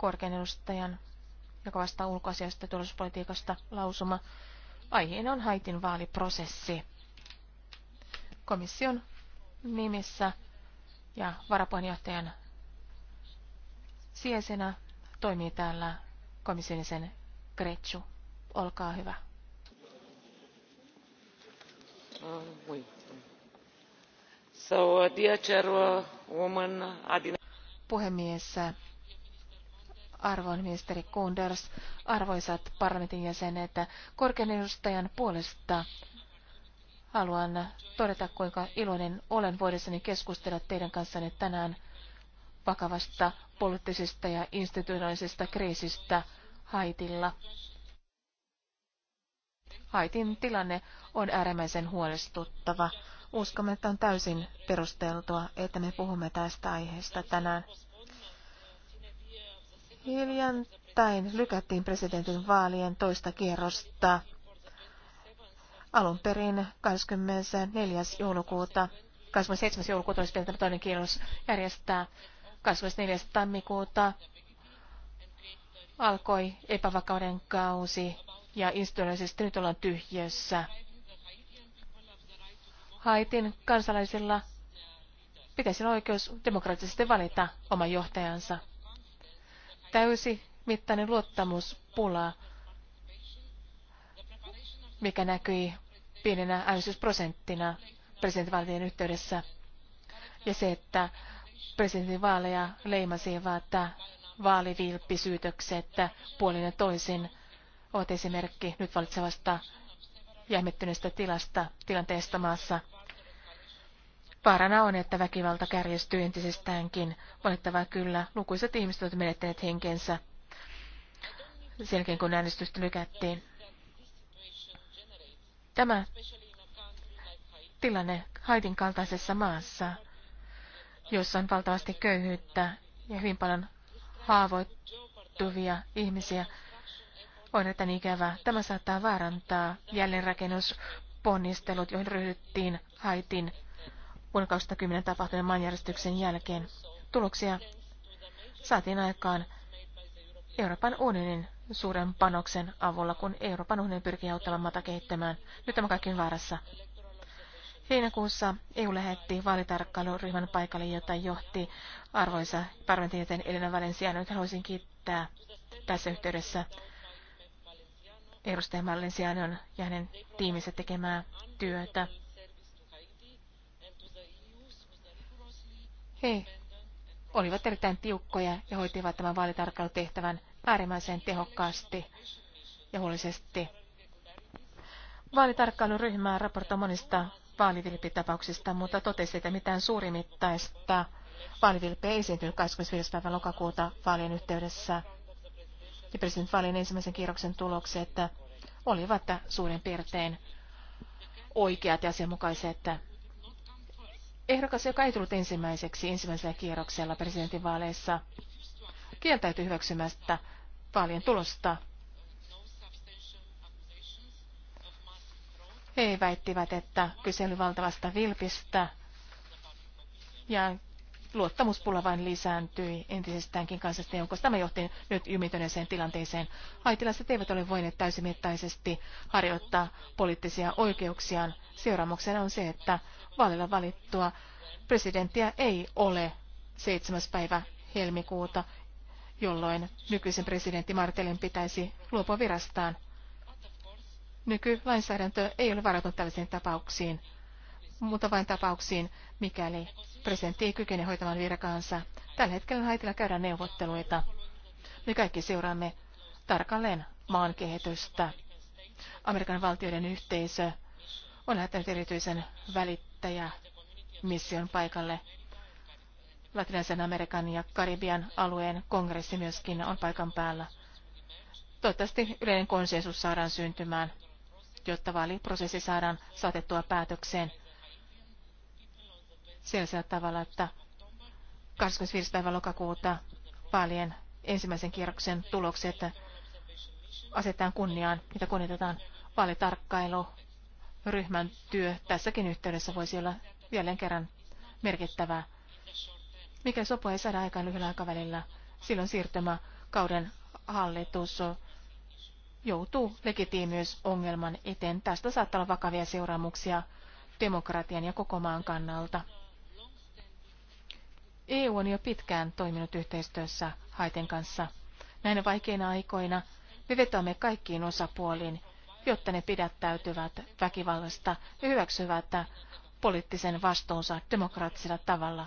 korkean edustajan, joka vastaa ulkoasiasta ja turvallisuuspolitiikasta, lausuma. Aiheena on Haitin vaaliprosessi. Komission nimissä ja varapuheenjohtajan sijaisena toimii täällä komissionisen Gretsu. Olkaa hyvä. Oh, so, uh, dear chairwoman Adina puhemies, arvon ministeri Kunders, arvoisat parlamentin jäsenet, korkean edustajan puolesta haluan todeta, kuinka iloinen olen voidessani keskustella teidän kanssanne tänään vakavasta poliittisesta ja institutionaalisesta kriisistä Haitilla. Haitin tilanne on äärimmäisen huolestuttava. Uskomme, että on täysin perusteltua, että me puhumme tästä aiheesta tänään hiljantain lykättiin presidentin vaalien toista kierrosta alun perin 24. joulukuuta, 27. joulukuuta olisi pitänyt toinen kierros järjestää. 24. tammikuuta alkoi epävakauden kausi ja instituutioisesti nyt ollaan tyhjössä. Haitin kansalaisilla pitäisi olla oikeus demokraattisesti valita oma johtajansa täysi mittainen luottamuspula, mikä näkyi pienenä äänestysprosenttina presidentinvaalien yhteydessä. Ja se, että presidentinvaaleja leimasivat vaalivilppisyytökset puolin ja toisin, ovat esimerkki nyt valitsevasta jähmettyneestä tilasta, tilanteesta maassa. Vaarana on, että väkivalta kärjestyy entisestäänkin. Valittavaa kyllä, lukuisat ihmiset ovat menettäneet henkensä sen kun äänestystä lykättiin. Tämä tilanne Haitin kaltaisessa maassa, jossa on valtavasti köyhyyttä ja hyvin paljon haavoittuvia ihmisiä, on niin ikävää. Tämä saattaa vaarantaa jälleenrakennusponnistelut, joihin ryhdyttiin Haitin vuonna 2010 tapahtuneen maanjärjestyksen jälkeen. Tuloksia saatiin aikaan Euroopan unionin suuren panoksen avulla, kun Euroopan unioni pyrkii auttamaan maata kehittämään. Nyt tämä kaikki on vaarassa. Heinäkuussa EU lähetti vaalitarkkailuryhmän paikalle, jota johti arvoisa parlamentin Elina Valenciano. Nyt haluaisin kiittää tässä yhteydessä edustaja Valencianon ja hänen tiiminsä tekemää työtä. He olivat erittäin tiukkoja ja hoitivat tämän vaalitarkkailutehtävän äärimmäisen tehokkaasti ja huolisesti. Vaalitarkkailuryhmää raportoi monista vaalivilpitapauksista, mutta totesi, että mitään suurimittaista vaalivilpeä esiintynyt 25. päivä lokakuuta vaalien yhteydessä. Ja presidentinvaalien ensimmäisen kierroksen tulokset olivat suurin piirtein oikeat ja asianmukaiset ehdokas, joka ei tullut ensimmäiseksi ensimmäisellä kierroksella presidentinvaaleissa, kieltäytyi hyväksymästä vaalien tulosta. He väittivät, että kyse oli valtavasta vilpistä ja luottamuspula vain lisääntyi entisestäänkin kansallisten joukosta. Tämä johti nyt jumitöneeseen tilanteeseen. Haitilaiset eivät ole voineet täysimittaisesti harjoittaa poliittisia oikeuksiaan. Seuraamuksena on se, että vaalilla valittua presidenttiä ei ole 7. päivä helmikuuta, jolloin nykyisen presidentti Martelin pitäisi luopua virastaan. Nykylainsäädäntö ei ole varautunut tällaisiin tapauksiin mutta vain tapauksiin, mikäli presidentti ei kykene hoitamaan virkaansa. Tällä hetkellä Haitilla käydään neuvotteluita. Me kaikki seuraamme tarkalleen maan kehitystä. Amerikan valtioiden yhteisö on lähettänyt erityisen välittäjä mission paikalle. Latinalaisen Amerikan ja Karibian alueen kongressi myöskin on paikan päällä. Toivottavasti yleinen konsensus saadaan syntymään, jotta vaaliprosessi saadaan saatettua päätökseen sellaisella tavalla, että 25. päivä lokakuuta vaalien ensimmäisen kierroksen tulokset asetetaan kunniaan, mitä kunnioitetaan vaalitarkkailu. Ryhmän työ tässäkin yhteydessä voisi olla jälleen kerran merkittävää. Mikä sopua ei saada aikaan lyhyellä aikavälillä, silloin siirtymäkauden hallitus joutuu legitiimiysongelman eteen. Tästä saattaa olla vakavia seuraamuksia demokratian ja koko maan kannalta. EU on jo pitkään toiminut yhteistyössä haiten kanssa. Näinä vaikeina aikoina me vetoamme kaikkiin osapuoliin, jotta ne pidättäytyvät väkivallasta ja hyväksyvät poliittisen vastuunsa demokraattisella tavalla.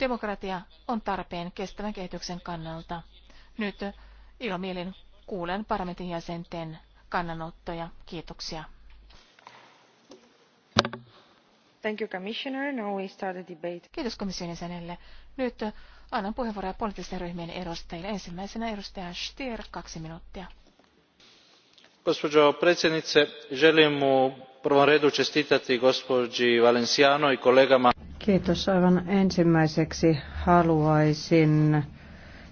Demokratia on tarpeen kestävän kehityksen kannalta. Nyt ilomielin kuulen parlamentin jäsenten kannanottoja. Kiitoksia. Kiitos komission jäsenelle. Nyt äh, annan puheenvuoroja poliittisten ryhmien edustajille. Ensimmäisenä edustaja Stier, kaksi minuuttia. Gospođo predsjednice, želim u prvom redu čestitati gospođi Valenciano i kolegama. Kiitos. Aivan ensimmäiseksi haluaisin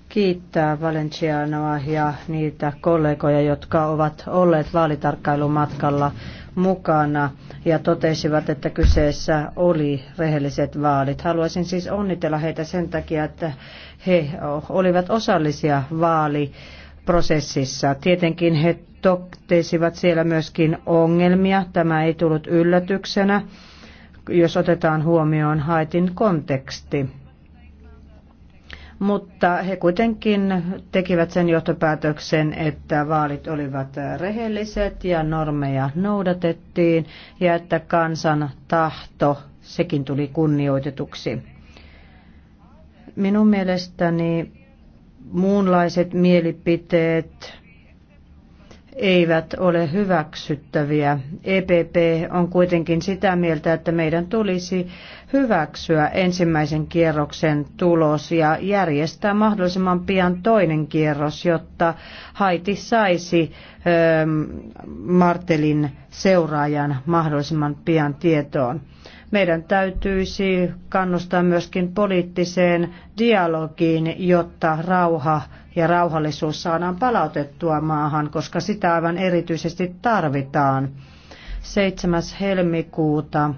kiittää Valencianoa ja niitä kollegoja, jotka ovat olleet vaalitarkkailumatkalla mukana ja totesivat, että kyseessä oli rehelliset vaalit. Haluaisin siis onnitella heitä sen takia, että he olivat osallisia vaaliprosessissa. Tietenkin he totesivat siellä myöskin ongelmia. Tämä ei tullut yllätyksenä, jos otetaan huomioon haitin konteksti mutta he kuitenkin tekivät sen johtopäätöksen, että vaalit olivat rehelliset ja normeja noudatettiin ja että kansan tahto sekin tuli kunnioitetuksi. Minun mielestäni muunlaiset mielipiteet, eivät ole hyväksyttäviä. EPP on kuitenkin sitä mieltä, että meidän tulisi hyväksyä ensimmäisen kierroksen tulos ja järjestää mahdollisimman pian toinen kierros, jotta Haiti saisi ähm, Martelin seuraajan mahdollisimman pian tietoon. Meidän täytyisi kannustaa myöskin poliittiseen dialogiin, jotta rauha ja rauhallisuus saadaan palautettua maahan, koska sitä aivan erityisesti tarvitaan. 7. helmikuuta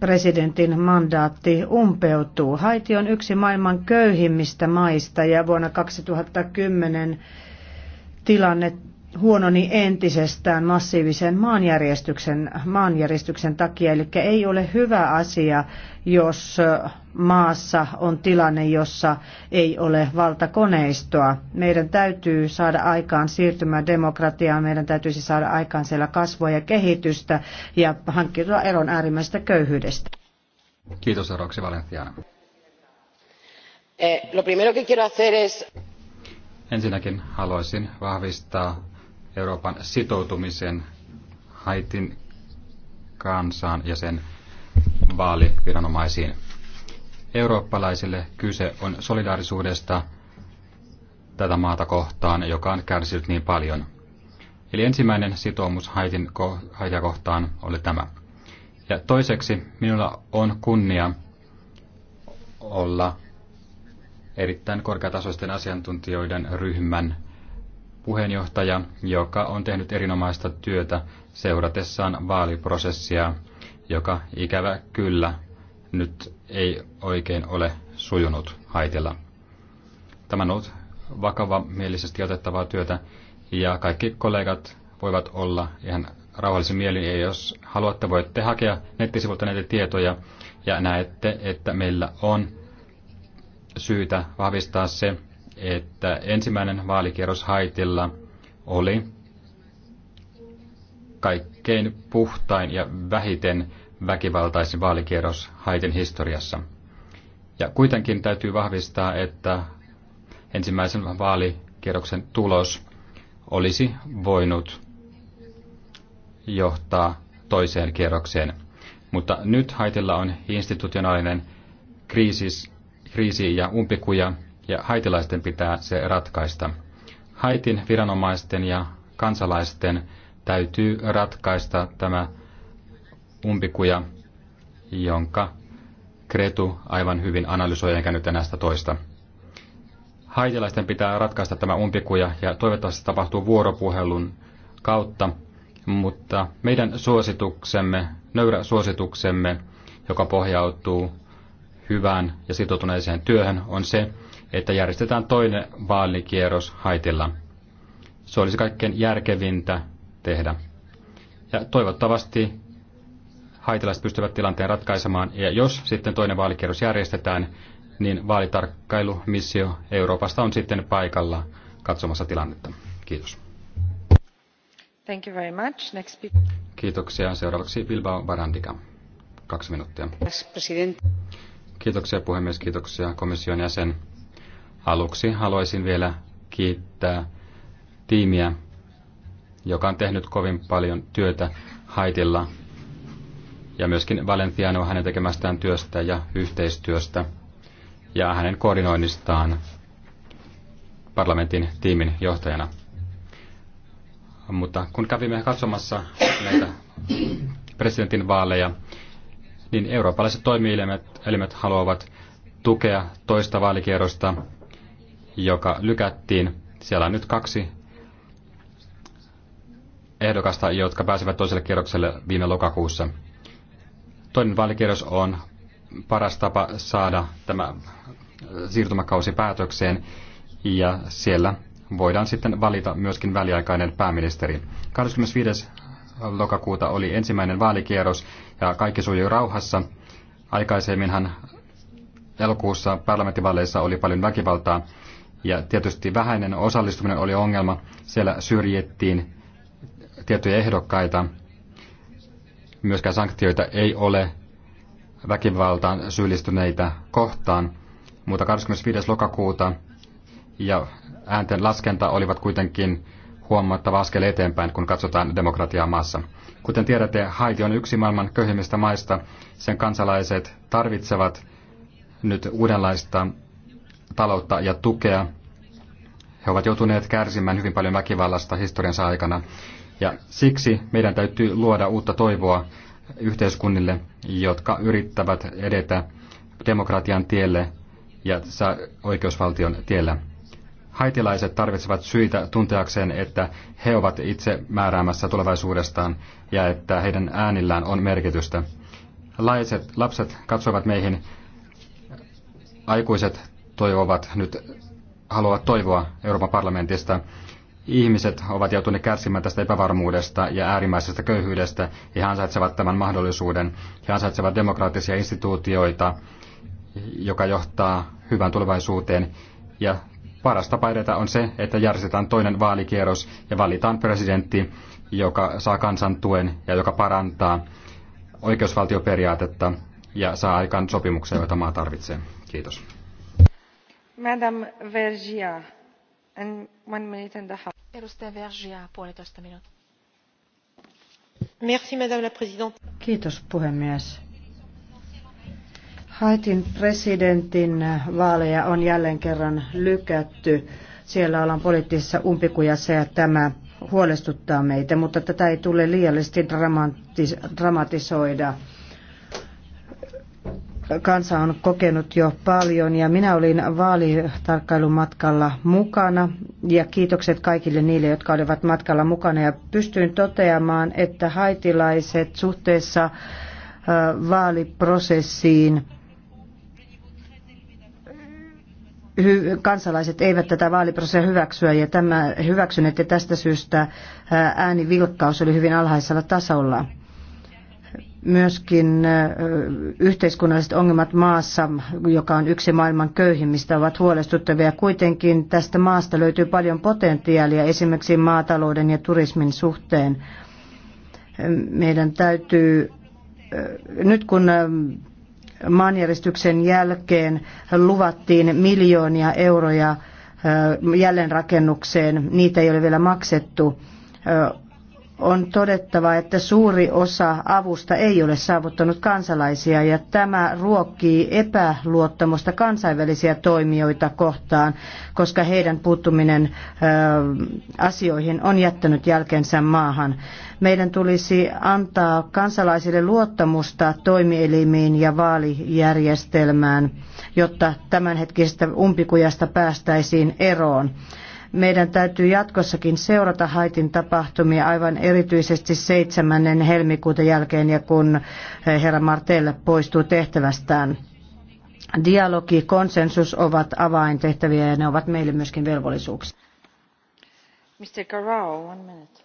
presidentin mandaatti umpeutuu. Haiti on yksi maailman köyhimmistä maista ja vuonna 2010 tilanne huononi entisestään massiivisen maanjärjestyksen, maanjärjestyksen takia. Eli ei ole hyvä asia, jos maassa on tilanne, jossa ei ole valtakoneistoa. Meidän täytyy saada aikaan siirtymään demokratiaan, meidän täytyisi saada aikaan siellä kasvua ja kehitystä ja hankkiutua eron äärimmäisestä köyhyydestä. Kiitos, Roksi Valentiana. Eh, lo primero que quiero hacer es... Ensinnäkin haluaisin vahvistaa Euroopan sitoutumisen Haitin kansaan ja sen vaaliviranomaisiin. Eurooppalaisille kyse on solidaarisuudesta tätä maata kohtaan, joka on kärsinyt niin paljon. Eli ensimmäinen sitoumus Haitin ko- Haitia kohtaan oli tämä. Ja toiseksi minulla on kunnia olla erittäin korkeatasoisten asiantuntijoiden ryhmän puheenjohtaja, joka on tehnyt erinomaista työtä seuratessaan vaaliprosessia, joka ikävä kyllä nyt ei oikein ole sujunut haitella. Tämä on ollut vakava mielisesti otettavaa työtä ja kaikki kollegat voivat olla ihan rauhallisin mielin ja jos haluatte voitte hakea nettisivulta näitä tietoja ja näette, että meillä on syytä vahvistaa se, että ensimmäinen vaalikierros Haitilla oli kaikkein puhtain ja vähiten väkivaltaisin vaalikierros Haitin historiassa. Ja kuitenkin täytyy vahvistaa, että ensimmäisen vaalikierroksen tulos olisi voinut johtaa toiseen kierrokseen. Mutta nyt Haitilla on institutionaalinen kriisis, kriisi ja umpikuja, ja haitilaisten pitää se ratkaista. Haitin viranomaisten ja kansalaisten täytyy ratkaista tämä umpikuja, jonka Kretu aivan hyvin analysoi, enkä nyt enää sitä toista. Haitilaisten pitää ratkaista tämä umpikuja ja toivottavasti se tapahtuu vuoropuhelun kautta, mutta meidän suosituksemme, nöyrä suosituksemme, joka pohjautuu hyvään ja sitoutuneeseen työhön, on se, että järjestetään toinen vaalikierros Haitilla. Se olisi kaikkein järkevintä tehdä. Ja toivottavasti haitilaiset pystyvät tilanteen ratkaisemaan. Ja jos sitten toinen vaalikierros järjestetään, niin vaalitarkkailumissio Euroopasta on sitten paikalla katsomassa tilannetta. Kiitos. Thank you very much. Next... Kiitoksia. Seuraavaksi Bilbao Barandika. Kaksi minuuttia. Kiitoksia puhemies, kiitoksia komission jäsen. Aluksi haluaisin vielä kiittää tiimiä, joka on tehnyt kovin paljon työtä Haitilla ja myöskin Valenciano hänen tekemästään työstä ja yhteistyöstä ja hänen koordinoinnistaan parlamentin tiimin johtajana. Mutta kun kävimme katsomassa näitä presidentin vaaleja, niin eurooppalaiset toimielimet haluavat tukea toista vaalikierrosta joka lykättiin. Siellä on nyt kaksi ehdokasta, jotka pääsevät toiselle kierrokselle viime lokakuussa. Toinen vaalikierros on paras tapa saada tämä siirtymäkausi päätökseen ja siellä voidaan sitten valita myöskin väliaikainen pääministeri. 25. lokakuuta oli ensimmäinen vaalikierros ja kaikki sujui rauhassa. Aikaisemminhan elokuussa parlamenttivaaleissa oli paljon väkivaltaa ja tietysti vähäinen osallistuminen oli ongelma. Siellä syrjettiin tiettyjä ehdokkaita. Myöskään sanktioita ei ole väkivaltaan syyllistyneitä kohtaan. Mutta 25. lokakuuta ja äänten laskenta olivat kuitenkin huomattava askel eteenpäin, kun katsotaan demokratiaa maassa. Kuten tiedätte, Haiti on yksi maailman köyhimmistä maista. Sen kansalaiset tarvitsevat nyt uudenlaista taloutta ja tukea. He ovat joutuneet kärsimään hyvin paljon väkivallasta historiansa aikana. Ja siksi meidän täytyy luoda uutta toivoa yhteiskunnille, jotka yrittävät edetä demokratian tielle ja oikeusvaltion tielle. Haitilaiset tarvitsevat syitä tunteakseen, että he ovat itse määräämässä tulevaisuudestaan ja että heidän äänillään on merkitystä. Laiset, lapset katsovat meihin, aikuiset toivovat nyt haluavat toivoa Euroopan parlamentista. Ihmiset ovat joutuneet kärsimään tästä epävarmuudesta ja äärimmäisestä köyhyydestä, ja he ansaitsevat tämän mahdollisuuden. He ansaitsevat demokraattisia instituutioita, joka johtaa hyvään tulevaisuuteen. Ja paras tapa edetä on se, että järjestetään toinen vaalikierros ja valitaan presidentti, joka saa kansan tuen ja joka parantaa oikeusvaltioperiaatetta ja saa aikaan sopimuksia, joita maa tarvitsee. Kiitos arvoisa puhemies. Haitin presidentin vaaleja on jälleen kerran lykätty. Siellä ollaan poliittisessa umpikujassa ja tämä huolestuttaa meitä, mutta tätä ei tule liiallisesti dramatisoida kansa on kokenut jo paljon ja minä olin matkalla mukana ja kiitokset kaikille niille, jotka olivat matkalla mukana ja pystyin toteamaan, että haitilaiset suhteessa vaaliprosessiin kansalaiset eivät tätä vaaliprosessia hyväksyä ja tämä hyväksyneet ja tästä syystä äänivilkkaus oli hyvin alhaisella tasolla. Myöskin yhteiskunnalliset ongelmat maassa, joka on yksi maailman köyhimmistä, ovat huolestuttavia. Kuitenkin tästä maasta löytyy paljon potentiaalia esimerkiksi maatalouden ja turismin suhteen. Meidän täytyy, nyt kun maanjäristyksen jälkeen luvattiin miljoonia euroja jälleenrakennukseen, niitä ei ole vielä maksettu on todettava, että suuri osa avusta ei ole saavuttanut kansalaisia ja tämä ruokkii epäluottamusta kansainvälisiä toimijoita kohtaan, koska heidän puuttuminen asioihin on jättänyt jälkensä maahan. Meidän tulisi antaa kansalaisille luottamusta toimielimiin ja vaalijärjestelmään, jotta tämänhetkisestä umpikujasta päästäisiin eroon. Meidän täytyy jatkossakin seurata Haitin tapahtumia aivan erityisesti 7. helmikuuta jälkeen ja kun eh, herra Martel poistuu tehtävästään. Dialogi, konsensus ovat avaintehtäviä ja ne ovat meille myöskin velvollisuuksia. Mr. Carrao, one minute.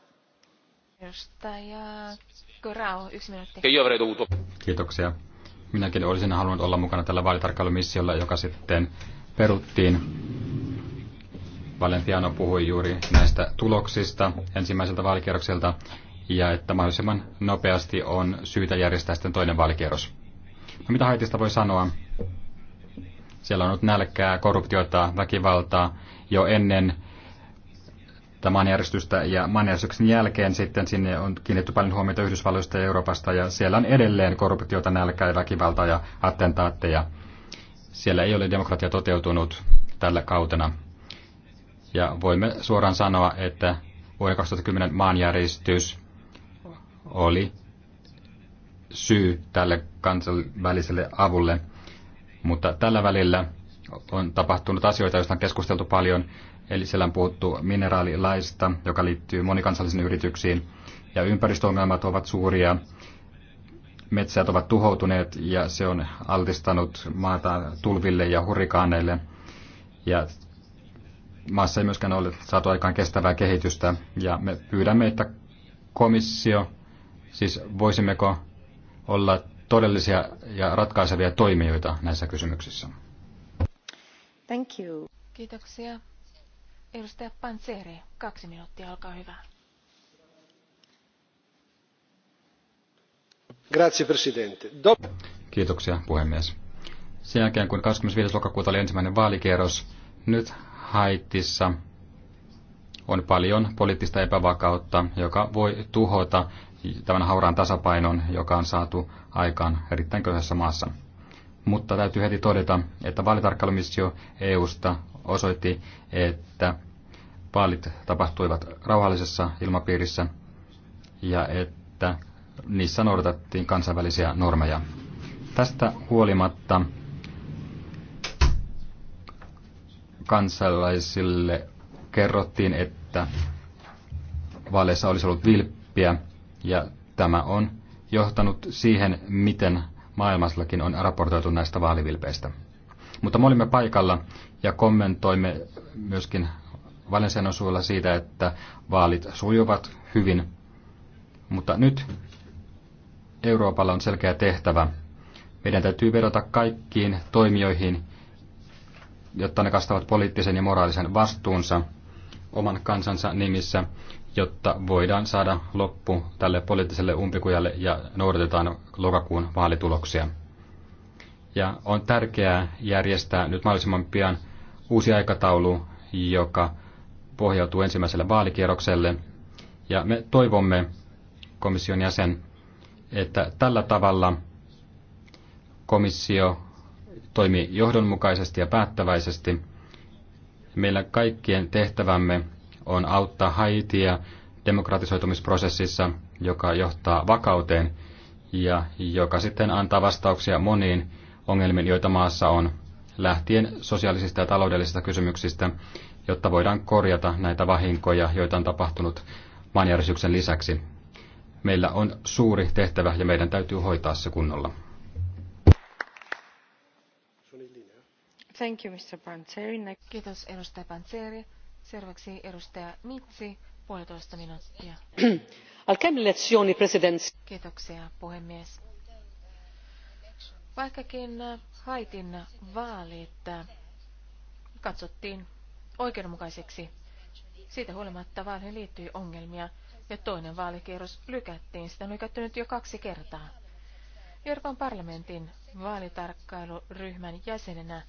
Edustaja Corrao, yksi minuutti. Kiitoksia. Minäkin olisin halunnut olla mukana tällä vaalitarkkailumissiolla, joka sitten peruttiin Valentiano puhui juuri näistä tuloksista ensimmäiseltä vaalikierrokselta ja että mahdollisimman nopeasti on syytä järjestää sitten toinen vaalikierros. No, mitä Haitista voi sanoa? Siellä on ollut nälkää, korruptiota, väkivaltaa jo ennen tämän järjestystä ja maanjärjestyksen jälkeen sitten sinne on kiinnitetty paljon huomiota Yhdysvalloista ja Euroopasta ja siellä on edelleen korruptiota, nälkää ja väkivaltaa ja attentaatteja. Siellä ei ole demokratia toteutunut tällä kautena. Ja voimme suoraan sanoa, että vuoden 2010 maanjäristys oli syy tälle kansainväliselle avulle. Mutta tällä välillä on tapahtunut asioita, joista on keskusteltu paljon. Eli siellä on puhuttu mineraalilaista, joka liittyy monikansallisiin yrityksiin. Ja ympäristöongelmat ovat suuria. Metsät ovat tuhoutuneet ja se on altistanut maata tulville ja hurrikaaneille. Ja maassa ei myöskään ole saatu aikaan kestävää kehitystä. Ja me pyydämme, että komissio, siis voisimmeko olla todellisia ja ratkaisevia toimijoita näissä kysymyksissä. Thank you. Kiitoksia. Edustaja Panseri, kaksi minuuttia, olkaa hyvä. Grazie, Presidente. Do- Kiitoksia, puhemies. Sen jälkeen, kun 25. lokakuuta oli ensimmäinen vaalikierros, nyt Haitissa on paljon poliittista epävakautta, joka voi tuhota tämän hauraan tasapainon, joka on saatu aikaan erittäin köyhässä maassa. Mutta täytyy heti todeta, että vaalitarkkailumissio EUsta osoitti, että vaalit tapahtuivat rauhallisessa ilmapiirissä ja että niissä noudatettiin kansainvälisiä normeja. Tästä huolimatta kansalaisille kerrottiin, että vaaleissa olisi ollut vilppiä ja tämä on johtanut siihen, miten maailmassakin on raportoitu näistä vaalivilpeistä. Mutta me olimme paikalla ja kommentoimme myöskin Valensian osuilla siitä, että vaalit sujuvat hyvin. Mutta nyt Euroopalla on selkeä tehtävä. Meidän täytyy vedota kaikkiin toimijoihin, jotta ne kastavat poliittisen ja moraalisen vastuunsa oman kansansa nimissä, jotta voidaan saada loppu tälle poliittiselle umpikujalle ja noudatetaan lokakuun vaalituloksia. Ja on tärkeää järjestää nyt mahdollisimman pian uusi aikataulu, joka pohjautuu ensimmäiselle vaalikierrokselle. Ja me toivomme, komission jäsen, että tällä tavalla komissio toimi johdonmukaisesti ja päättäväisesti. Meillä kaikkien tehtävämme on auttaa Haitia demokratisoitumisprosessissa, joka johtaa vakauteen ja joka sitten antaa vastauksia moniin ongelmiin, joita maassa on, lähtien sosiaalisista ja taloudellisista kysymyksistä, jotta voidaan korjata näitä vahinkoja, joita on tapahtunut maanjärjestyksen lisäksi. Meillä on suuri tehtävä ja meidän täytyy hoitaa se kunnolla. Thank you, Mr. Panzeri. Next. Kiitos, edustaja Panzeri. Seuraavaksi edustaja Mitsi, puolitoista minuuttia. Kiitoksia, puhemies. Vaikkakin Haitin vaalit katsottiin oikeudenmukaiseksi, siitä huolimatta vaaleihin liittyi ongelmia ja toinen vaalikierros lykättiin. Sitä on lykätty nyt jo kaksi kertaa. Euroopan parlamentin vaalitarkkailuryhmän jäsenenä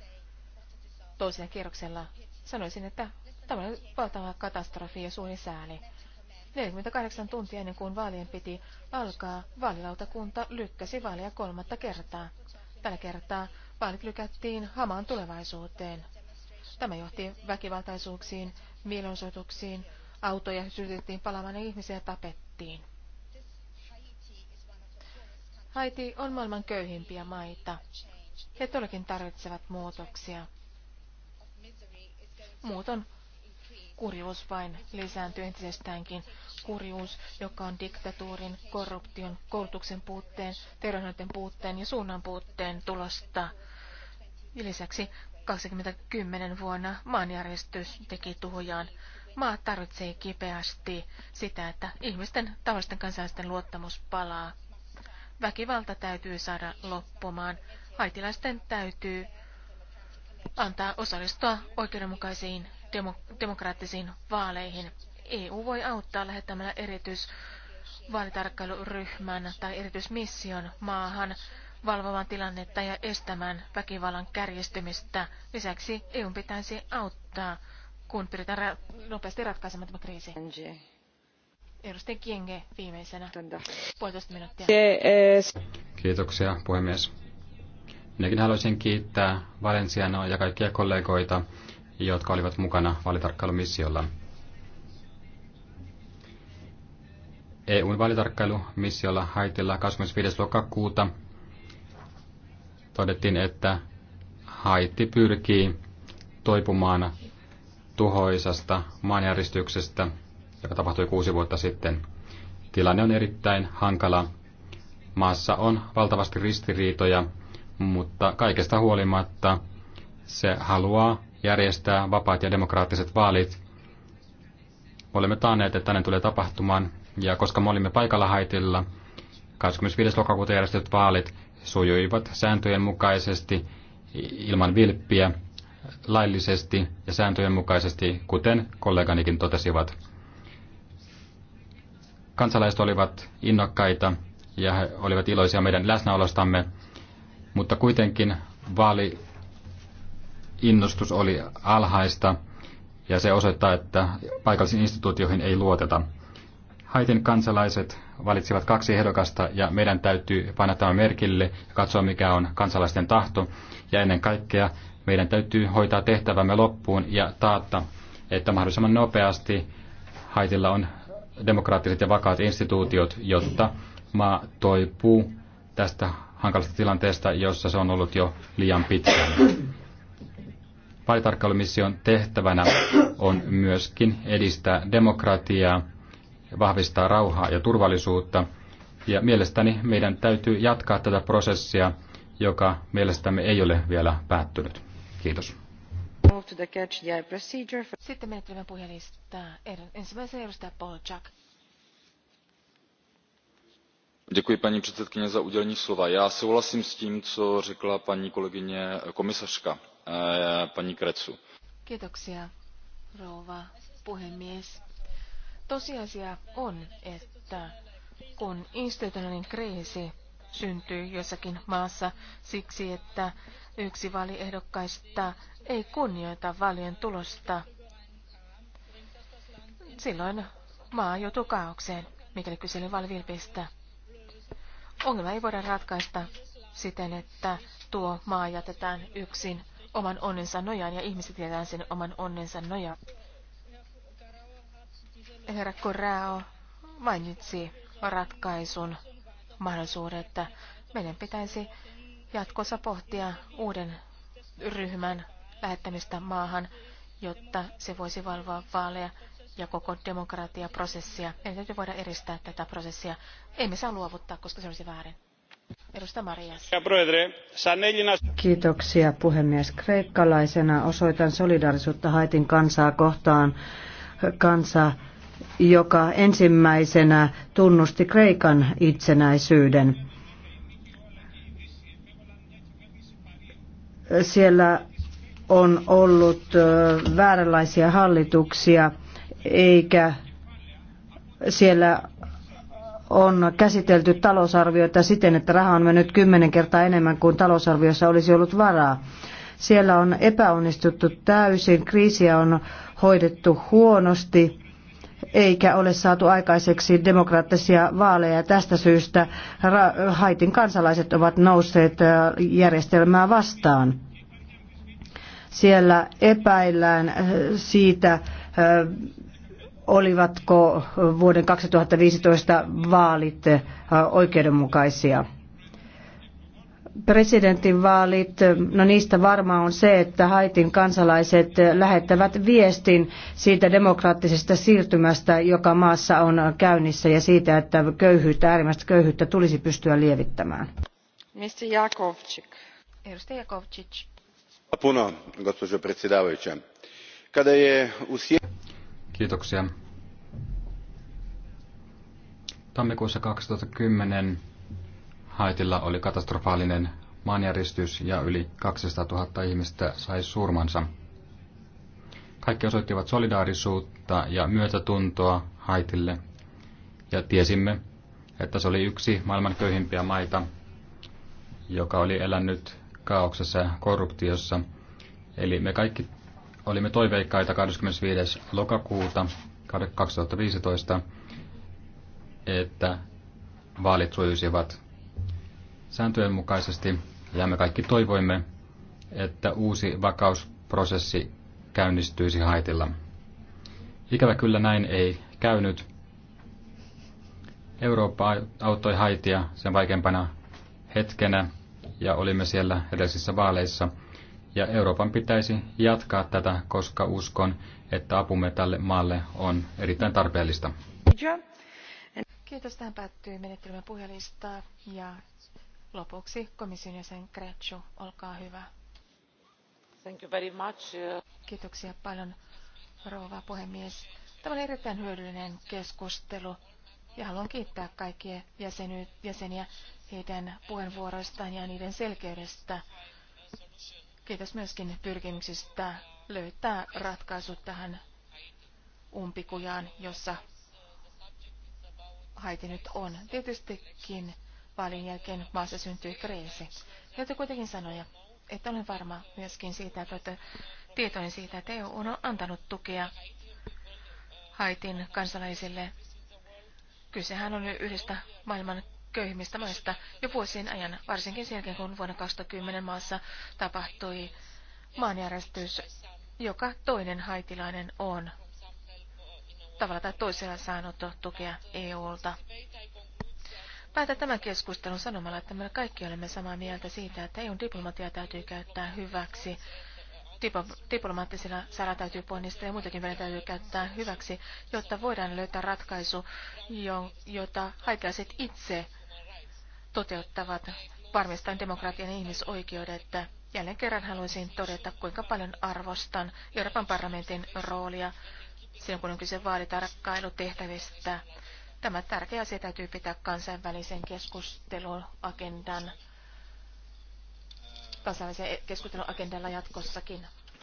toisella kierroksella. Sanoisin, että tämä oli valtava katastrofi ja suuri sääli. 48 tuntia ennen kuin vaalien piti alkaa, vaalilautakunta lykkäsi vaalia kolmatta kertaa. Tällä kertaa vaalit lykättiin hamaan tulevaisuuteen. Tämä johti väkivaltaisuuksiin, mielenosoituksiin, autoja sytytettiin palamaan ja ihmisiä tapettiin. Haiti on maailman köyhimpiä maita. He todellakin tarvitsevat muutoksia. Muuton kurjuus vain lisääntyy entisestäänkin. Kurjuus, joka on diktatuurin, korruption, koulutuksen puutteen, terveyden puutteen ja suunnan puutteen tulosta. Lisäksi 2010 vuonna maanjärjestys teki tuhojaan. Maa tarvitsee kipeästi sitä, että ihmisten tavallisten kansalaisten luottamus palaa. Väkivalta täytyy saada loppumaan. Haitilaisten täytyy antaa osallistua oikeudenmukaisiin demo- demokraattisiin vaaleihin. EU voi auttaa lähettämällä erityisvaalitarkkailuryhmän tai erityismission maahan valvomaan tilannetta ja estämään väkivallan kärjistymistä. Lisäksi EU pitäisi auttaa, kun pyritään ra- nopeasti ratkaisemaan tämä kriisi. Edustaja Kienge viimeisenä. Puolitoista minuuttia. Kiitoksia puhemies. Minäkin haluaisin kiittää Valensianoa ja kaikkia kollegoita, jotka olivat mukana vaalitarkkailumissiolla. EUn vaalitarkkailumissiolla Haitilla 25. lokakuuta todettiin, että Haiti pyrkii toipumaan tuhoisasta maanjäristyksestä, joka tapahtui kuusi vuotta sitten. Tilanne on erittäin hankala. Maassa on valtavasti ristiriitoja mutta kaikesta huolimatta se haluaa järjestää vapaat ja demokraattiset vaalit. Olemme taanneet, että tänne tulee tapahtumaan, ja koska me olimme paikalla Haitilla, 25. lokakuuta järjestetyt vaalit sujuivat sääntöjen mukaisesti ilman vilppiä, laillisesti ja sääntöjen mukaisesti, kuten kolleganikin totesivat. Kansalaiset olivat innokkaita ja he olivat iloisia meidän läsnäolostamme mutta kuitenkin vaali innostus oli alhaista ja se osoittaa, että paikallisiin instituutioihin ei luoteta. Haitin kansalaiset valitsivat kaksi ehdokasta ja meidän täytyy panna tämä merkille ja katsoa, mikä on kansalaisten tahto. Ja ennen kaikkea meidän täytyy hoitaa tehtävämme loppuun ja taata, että mahdollisimman nopeasti Haitilla on demokraattiset ja vakaat instituutiot, jotta maa toipuu tästä hankalasta tilanteesta, jossa se on ollut jo liian pitkään. Vaalitarkkailumission tehtävänä on myöskin edistää demokratiaa, vahvistaa rauhaa ja turvallisuutta. Ja mielestäni meidän täytyy jatkaa tätä prosessia, joka mielestämme ei ole vielä päättynyt. Kiitos. Sitten menettelemme puhelista Ensimmäisen edustaja Paul Chuck paní předsedající já souhlasím s tím co řekla paní kolegyně komisařka eh, paní creu. puhemies tosiasia on että kun institutionaalinen kriisi syntyy jossakin maassa siksi että yksi vaaliehdokkaista ei kunnioita vaalien tulosta silloin maa joutuu kaaukseen mikäli kyse oli vaalivilpistä. Ongelma ei voida ratkaista siten, että tuo maa jätetään yksin oman onnensa nojaan ja ihmiset jätetään sen oman onnensa nojaan. Herra Corrao mainitsi ratkaisun mahdollisuuden, että meidän pitäisi jatkossa pohtia uuden ryhmän lähettämistä maahan, jotta se voisi valvoa vaaleja ja koko demokratiaprosessia. Meidän täytyy voida eristää tätä prosessia. Emme saa luovuttaa, koska se olisi väärin. Kiitoksia puhemies. Kreikkalaisena osoitan solidarisuutta Haitin kansaa kohtaan. Kansa, joka ensimmäisenä tunnusti Kreikan itsenäisyyden. Siellä on ollut vääränlaisia hallituksia eikä siellä on käsitelty talousarvioita siten, että raha on mennyt kymmenen kertaa enemmän kuin talousarviossa olisi ollut varaa. Siellä on epäonnistuttu täysin, kriisiä on hoidettu huonosti eikä ole saatu aikaiseksi demokraattisia vaaleja. Tästä syystä Haitin kansalaiset ovat nousseet äh, järjestelmää vastaan. Siellä epäillään äh, siitä, äh, olivatko vuoden 2015 vaalit oikeudenmukaisia. Presidentinvaalit, no niistä varmaan on se, että Haitin kansalaiset lähettävät viestin siitä demokraattisesta siirtymästä, joka maassa on käynnissä ja siitä, että köyhyyttä, äärimmäistä köyhyyttä tulisi pystyä lievittämään. Mr. Jakovčić. Edustaja Jakovčić. Puno, gospođo predsjedavajuća. Kada je u Kiitoksia. Tammikuussa 2010 Haitilla oli katastrofaalinen maanjäristys ja yli 200 000 ihmistä sai surmansa. Kaikki osoittivat solidaarisuutta ja myötätuntoa Haitille ja tiesimme, että se oli yksi maailman köyhimpiä maita, joka oli elänyt kaauksessa ja korruptiossa. Eli me kaikki Olimme toiveikkaita 25. lokakuuta 2015, että vaalit sujuisivat sääntöjen mukaisesti ja me kaikki toivoimme, että uusi vakausprosessi käynnistyisi Haitilla. Ikävä kyllä näin ei käynyt. Eurooppa auttoi Haitia sen vaikeimpana hetkenä ja olimme siellä edellisissä vaaleissa – ja Euroopan pitäisi jatkaa tätä, koska uskon, että apumme tälle maalle on erittäin tarpeellista. Kiitos. Tähän päättyy menettelymän puhelista. Ja lopuksi komission jäsen Gretchu, olkaa hyvä. Thank you very much. Kiitoksia paljon, rouva puhemies. Tämä oli erittäin hyödyllinen keskustelu ja haluan kiittää kaikkia jäseniä heidän puheenvuoroistaan ja niiden selkeydestä. Kiitos myöskin pyrkimyksistä löytää ratkaisu tähän umpikujaan, jossa Haiti nyt on. Tietystikin vaalin jälkeen maassa syntyi kriisi. Joten kuitenkin sanoja, että olen varma myöskin siitä, että tietoinen siitä, että EU on antanut tukea Haitin kansalaisille. Kysehän on yhdestä maailman köyhimmistä maista jo vuosien ajan, varsinkin sen jälkeen, kun vuonna 2010 maassa tapahtui maanjärjestys. Joka toinen haitilainen on tavalla tai toisella saanut tukea EUlta. Päätä tämän keskustelun sanomalla, että me kaikki olemme samaa mieltä siitä, että EUn diplomatia täytyy käyttää hyväksi. diplomaattisilla saralla täytyy ponnistaa ja muitakin meidän täytyy käyttää hyväksi, jotta voidaan löytää ratkaisu, jota haitilaiset itse toteuttavat varmistaen demokratian ja ihmisoikeudet. Jälleen kerran haluaisin todeta, kuinka paljon arvostan Euroopan parlamentin roolia silloin, kun on kyse vaalitarkkailutehtävistä. Tämä tärkeä asia täytyy pitää kansainvälisen keskusteluagendan kansainvälisen keskusteluagendalla jatkossakin.